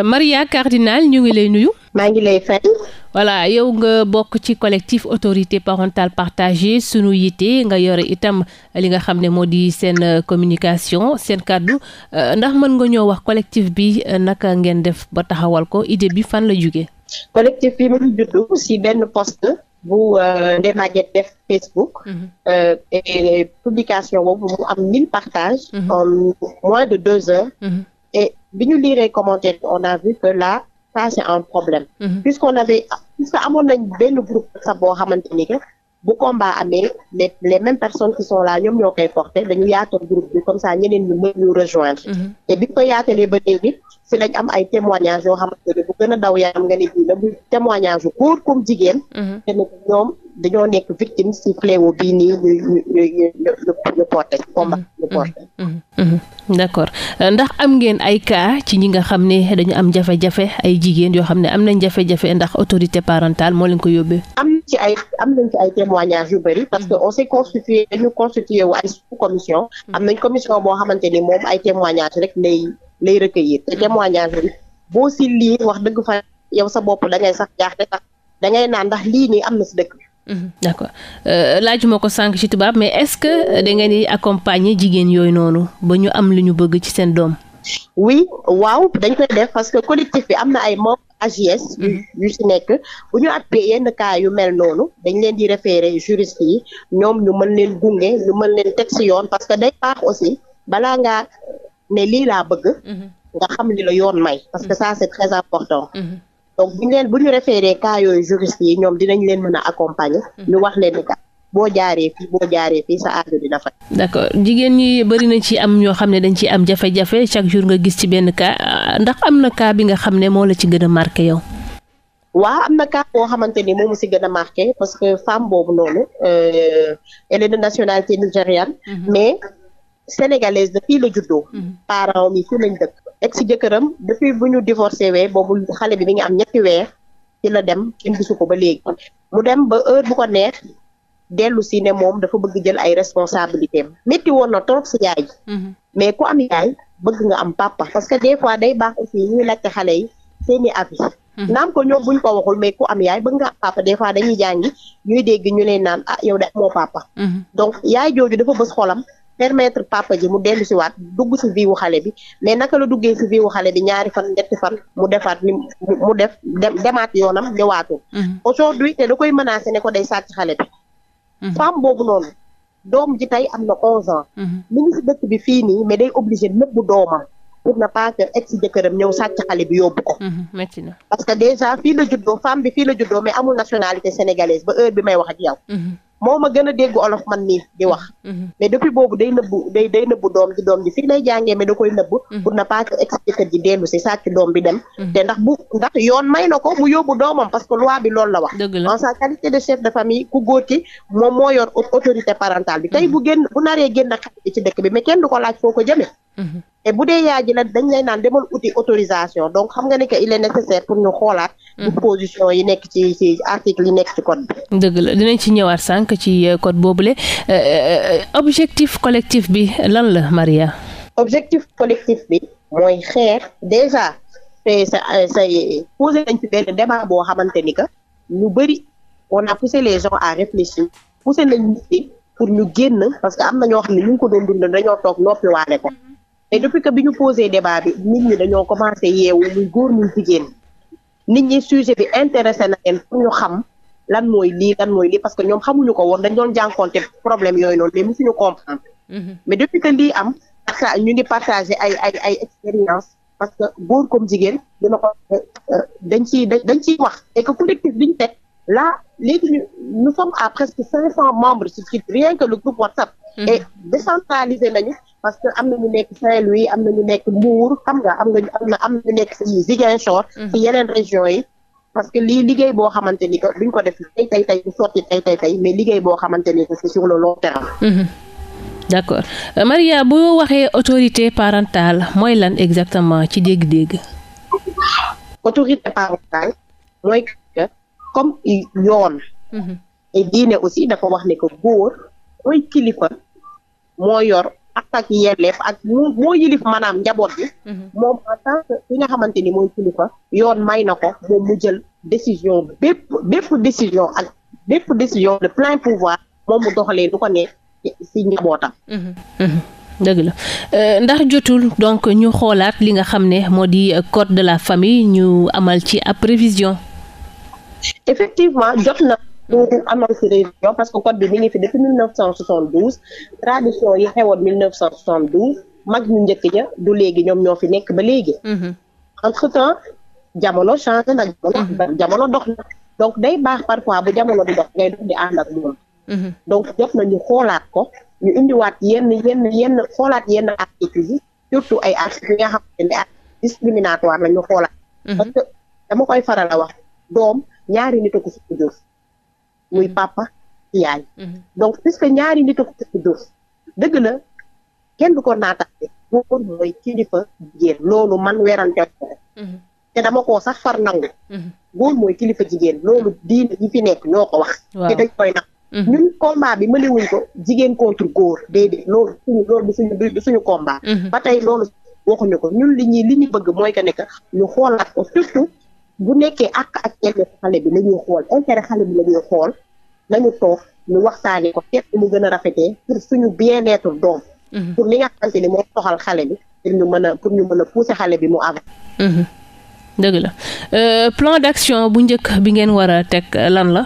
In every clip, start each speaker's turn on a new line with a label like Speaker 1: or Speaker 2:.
Speaker 1: Maria Cardinal ñu ngi lay nuyu. maa ngi lay fay. voilà yow nga bokk ci collectif autorité parentale partagée sunu yitte nga yore itam li nga xam ne moo di seen euh, communication seen kàddu euh, ndax mën nga ñëw wax collectif bi euh, naka ngeen def ba taxawal ko idée bi fan la jóge
Speaker 2: collectif bi mu juddu si benn post bu Ndeye Maguette def Facebook. Mhm. et bi ñu liiree commentaire on a vu que là ça c'est un problème. Mm -hmm. puisqu'on avait puisque amoon nañ benn groupe sax boo xamante ni bu combat amee les les mêmes personnes qui sont ñoo koy porté dañu yaatal groupe bi comme ça ñeneen ñu mën ñu rejoindre. Mhm. te bi ko yaatalee ba léegi si lañ am ay témoignages yoo xamante ne bu gën a daw yaram nga ne bii la témoignage yu góor comme jigéen. Mhm. te nag ñoom dañoo nekk victime si fléau bii nii ñu ñu ñu ñu porté combat
Speaker 3: ñu porté.
Speaker 1: d' accord ndax am ngeen ay cas ci ñi nga xam ne dañu am jafe-jafe ay jigéen yoo xam ne am nañ jafe-jafe ndax autorité parentale moo lañ ko yóbbee.
Speaker 2: am ci ay am nañ ci ay témoignages yu bëri parce que aussi s' est constitué dañu constitué wu ay sous commission. Hmm. am nañ commission boo xamante ni moom ay témoignages rek lay lay recueillir te témoignages yi boo si lii wax dëgg fa yow sa bopp da ngay sax jaaxle sax da ngay naan ndax lii nii am na si dëkk. Mhm.
Speaker 1: d' accord euh, laajuma ko sànq ci tubaab mais est ce que euh, da ngeen di accompagner jigéen yooyu noonu ba ñu am lu ñu bëgg ci seen doom.
Speaker 2: oui waaw dañ koy def parce que collectif bi am na ay membres AJS. yu si mhm. nekk bu ñu appee yenn cas yu mel noonu dañ leen di référer juriste yi ñoom ñu mën leen gunge ñu mën leen teg si yoon parce que day baax aussi balaa ngaa ne lii laa bëgg. Mhm. nga xam li la yoon may. parce que ça c' très important. donc bu ñu leen bu ñu yooyu juriste yi ñoom dinañ leen mën a accompagner. Mhm. ñu wax leen ni boo jaaree fii boo jaaree fii sa aajo dina faj.
Speaker 1: d'accord jigéen ñi bëri na ci am ñoo xam ne dañ ciy am jafe-jafe chaque jour nga gis ci benn cas ndax am na kaa bi nga xam ne moo la ci gën a marqué yow.
Speaker 2: waaw am na cas boo xamante ni moomu si gën a marqué parce que femme boobu noonu euh, elle est de nationalité nigériane. Mhm. mais sénégalaise depuis le juddoo. Mhm. parents mi fii lañ dëkk. ex jëkkëram depuis bu ñu divorcé wee boobu xale bi mi ngi am ñetti weer ci la dem kenn gisu ko ba léegi mu dem ba heure bu ko neex dellu si ne moom dafa bëgg jël ay responsabilité am métti woon na trop si yaay mhm. mais ku am yaay bëgg nga am papa parce que des fois day baax aussi xale yi seeni avis mhm. naam ko ñoom buñ ko waxul mais ku am yaay bëgg nga am papa des fois dañuy jàngi ñuy dégg ñu lay naan ah yow de moo papa mhm. donc yaay jooju dafa bës xolam permettre papa ji mu dellu si waat dugg si vie xale bi mais naka la duggee si vie wu xale bi ñaari fan ñetti fan mu defaat ni mu def demaat yoonam ñëwaatul. Mhm. aujourd'hui te da koy menacé ne ko day sàcc xale bi. Mhm. femme boobu noonu doom ji tey am na 11 ans. Mhm. mu ngi si dëkk bi fii nii mais day obligé nëbbu doomam. pour ne pas que ex jëkkëram ñëw sàcc xale bi yóbbu ko. métti na parce que déjà fii la juddoo femme bi fii la juddoo mais amul nationalité sénégalaise ba heure bi may wax ak yow. moo ma gën a dégg olof man nii di wax mm-hmm. Mm-hmm. mais depuis boobu day nëbbu day day nëbbu doom ji doom ji fii lay jàngee mais da koy nëbbu mm-hmm. pour ne pas que ji dellu si sàcc doom bi dem te ndax bu ndax yoon may na ko mu yóbbu doomam parce que loi bi loolu la wax en sa qualité de chef de famille ku góor ki moom moo yor autorité parentale bi tey bu génn bu naree génn xale ci dëkk bi mais kenn du ko laaj foo ko jëmee et bu dee yaay ji la dañ lay naan demal uti autorisation donc xam nga ne que il est nécessaire pour ñu xoolaat. disposition mm. yi nekk ci ci article yi nekk ci code bi.
Speaker 1: dëgg la dinañ ci ñëwaat sànq ci euh, code boobule euh, euh, objectif collectif bi lan la Maria.
Speaker 2: objectif collectif bi mooy xeex déjà te sa sa posé nañ ci benn débat boo xamante ni que ñu bëri on a poussé les gens à réfléchir poussé nañ pour ñu génn parce que am na ñoo xam ne ñu ngi ko doon dund dañoo toog noppi waale ko. mais depuis que bi ñu posé débat bi nit ñi dañoo commencé yeewu muy góor muy jigéen nit ñi sujet bi intéressé na leen pour ñu xam lan mooy lii lan mooy lii parce que ñoom xamuñu ko woon dañ doon jànkoonte problème yooyu noonu mais musuñu comprendre mhm. mais depuis que lii am parta ñu ngi partagé ay ay ay expérience parce que góor comme jigéen dina ko euh, dañ ciy dañ ciy wax et que collectif ñu teg là léegi ñu nous sommes à presque cinq ci membres si rien que le groupe WhatsApp mhm. et parce que am na ñu nekk saint am na ñu nekk Mbour xam nga am nga am na am ñu nekk si Ziguinchor. si mhm. yeneen région yi. parce que lii liggéey boo xamante ni que duñ ko def tey tey tey tey mais liggéey boo xamante ni que c'est sur le long terme.
Speaker 1: Mhm. d'accord euh, Maria bu waxee autorité parentale mooy lan exactement ci dégg-dégg.
Speaker 2: autorité parentale mooy que comme yoon. Mhm. et diine aussi dafa wax ne que góor mooy kilifa moo yor. ak ak yelleef ak mu moo yilif maanaam njaboot bi mhm. moom en tant que ki nga xamante ni mooy kilifa yoon may na ko moom mu jël décision bépp bépp décision ak bépp décision de plein pouvoir moom mu doxalee du ko ne si njabootam
Speaker 3: mhm. Mhm.
Speaker 1: dëgg la euh, ndax jotul donc ñu xoolaat li nga xam ne moo di code de la famille ñu amal ci ab révision
Speaker 2: effectivement jot na amal fi révision parce que code bi mi ngi fi depuis 1972 tradition yi xewoon 1972 mag ñu njëkk ña du léegi ñoom ñoo fi nekk ba léegi. Mhm. entre temps jamono changé na mhm. jamono dox na donc day baax parfois bu jamono di dox ngay dox di ànd ak moom. Mhm. donc jot ñu xoolaat ko ñu indiwaat yenn yenn yenn xoolaat yenn articles yi surtout ay articles yi nga xamante ne articles discriminatoires la ñu xoolaat. parce que dama koy faral a wax doom ñaari nit a muy papa ci yaay. Mhm. donc puisque ñaari nit a ko tëdd dëgg la kenn du ko naataate góor mooy kilifa jigéen loolu man weerante mhm. te dama koo sax far nangu. Mhm. góor mooy kilifa jigéen loolu diine yi fi nekk ñoo ko wax. te dañ koy nag. ñun combat bi mënewuñ ko jigéen contre góor déedéet loolu suñu loolu du suñu du suñu combat. ba tey loolu waxuñu ko ñun li ñuy li ñu bëgg mooy que ne que ñu xoolaat ko surtout. bu nekkee àq ak yelleef xale bi la ñuy xool intérêt xale bi la ñuy xool nañu toog ñu waxtaanee ko fépp mu gën a rafetee pour suñu bien-être doom. Mhm. pour li nga xamante ni moo toxal xale bi pour ñu mën a pour ñu mën a pousser xale bi mu avancé.
Speaker 3: Mhm.
Speaker 1: dëgg la euh, plan d'action bu njëkk bi ngeen war a teg lan la.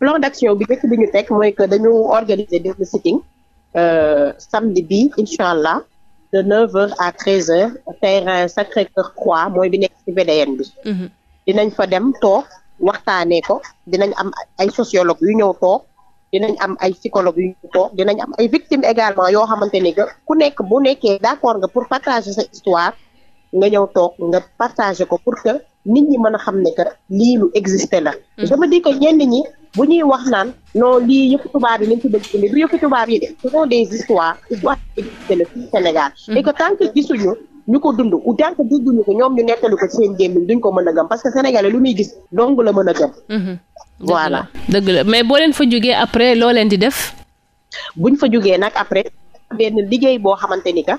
Speaker 2: plan d'action bi njëkk bi ñu teg mooy que dañu organiser benn sitting euh, samedi bi incha allah. de 9h à 13h terrain Sacré-Cœur 3 mooy bi nekk ci VDN bi. Mhm. dinañ fa dem toog waxtaanee ko dinañ am ay sociologue yu ñëw toog dinañ am ay psychologue yu ñëw toog dinañ am ay victimes également yoo xamante ni ku nekk bu nekkee d'accord nga pour partager sa histoire nga ñëw toog nga partager ko pour que. nit ñi mën a xam ne que lii lu existé la. je me dis ñenn ñi bu ñuy wax naan non lii yëpp tubaab yi nañ ci bëgg indi du yëfu tubaab des histoires histoire existé la fii Sénégal. Mm. et ñu ko dund ou tant que ñoom ñu nettali ko seen gémmiñ duñ ko mën a gëm parce que sénégalais lu muy gis dong la mën a gëm. Mm-hmm. voilà dëgg mais boo leen fa jógee après loo leen di def. buñ fa jógee nag après benn liggéey boo xamante ni que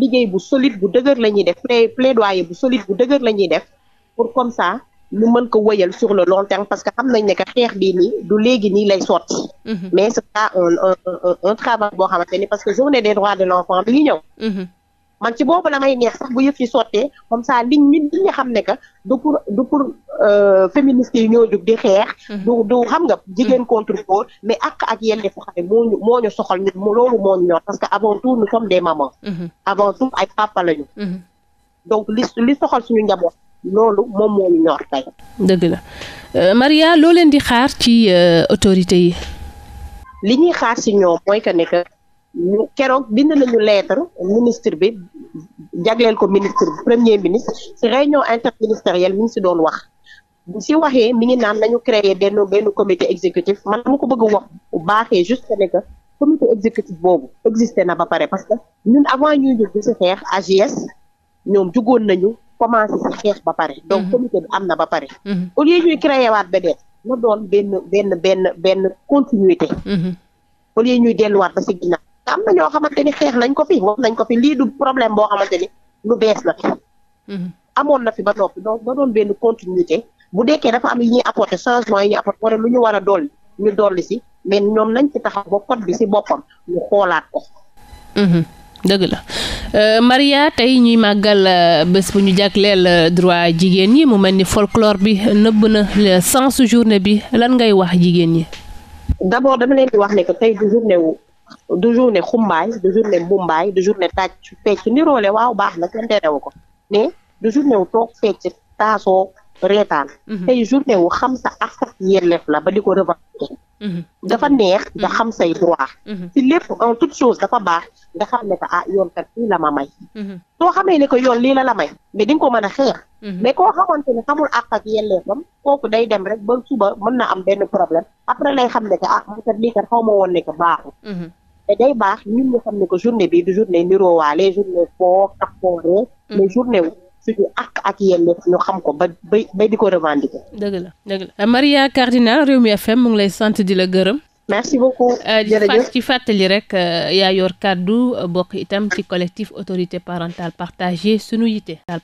Speaker 2: liggéey bu solide bu dëgër la ñuy def plaidoyer bu solide bu dëgër la ñuy def. pour comme ça ñu mën ko wëyal sur le long terme parce que xam nañ ne que xeex bii nii du léegi nii lay sotti. Mhm. mais ce sera un un un un travail boo xamante ni parce xam nga jigéen mhm. contre góor mais ak ak yelleefu xale moo moo ñu soxal loolu moo ñu ñor parce que avant tout nous sommes des mamans. Mhm. avant tout ay papa lañu. donc li soxal suñu njaboot. loolu moom moo ñu ñor tey.
Speaker 1: dëgg la euh, Maria loo leen di xaar ci euh, autorité yi.
Speaker 2: li ñuy xaar si ñoom mooy que ne ñu keroog bind nañu lettre ministre bi jagleel ko ministre premier ministre si réunion interministérielle mi ngi si doon wax. si waxee mi ngi naan nañu créer benn benn comité exécutif man mu ko bëgg wax bu baaxee juste que ne que exécutif boobu existé na ba pare parce que ñun avant ñuy jóg di si xeex AGS ñoom jugoon nañu. commencé sa xeex ba pare. Mhm. donc comité bi am na ba pare. Mhm. au lieu ñuy créé ba beneen na doon benn benn benn benn continuité. Mhm. au lieu ñuy delluwaat ba si ginnaaw. am na ñoo xamante ni xeex lañ ko fi wax nañ ko fi lii du problème boo xamante ni lu bees la fi. amoon na fi ba noppi donc ba doon benn continuité bu dekkee dafa am yi ñuy apporter changement yi ñuy apporter wala lu ñu war a dolli ñu dolli si mais ñoom nañ ci taxaw ba kot bi si boppam ñu xoolaat ko.
Speaker 1: dëgg la euh, Maria tey ñuy màggal euh, bés bu ñu jagleel euh, droit jigéen ñi mu mel ni folklore bi nëbb na euh, cent journée bi lan ngay wax
Speaker 2: jigéen ñi. d'abord dama leen di wax ne que tey du journée wu du journée xumbaay du journée mbumbaay du journée tàcc fecc niroole waaw baax na kenn terewu ko mais du journée toog fecc taasoo reetaan mhm. tey journée wu xam sa ak sax la ba di ko revendiquer mhm. dafa neex nga mhm. xam say droit ci lépp en toute chose dafa baax nga xam ne que ah yoon kat lii la ma may soo xamee ne ko yoon lii la la may mais di nga ko mën a xeex mais koo xamante ne xamul ak ak yelleefam kooku day dem rek ba suba mën na am benn problème après lay xam ne que ah mu kat lii kat xaw ma woon ne que baaxul te day baax ñun ñu xam ne que journée bi du journée niroowaale journée foo journée suñu ak yelleef ñu ba bay bay di ko revendiquer.
Speaker 1: dëgg la dëgg la Maria FM mu ngi lay sant di la gërëm. merci beaucoup euh, jërëjëf ci fàttali rek euh, yaa yor kàddu
Speaker 3: bokk itam ci collectif autorité parentale partagée sunu yite.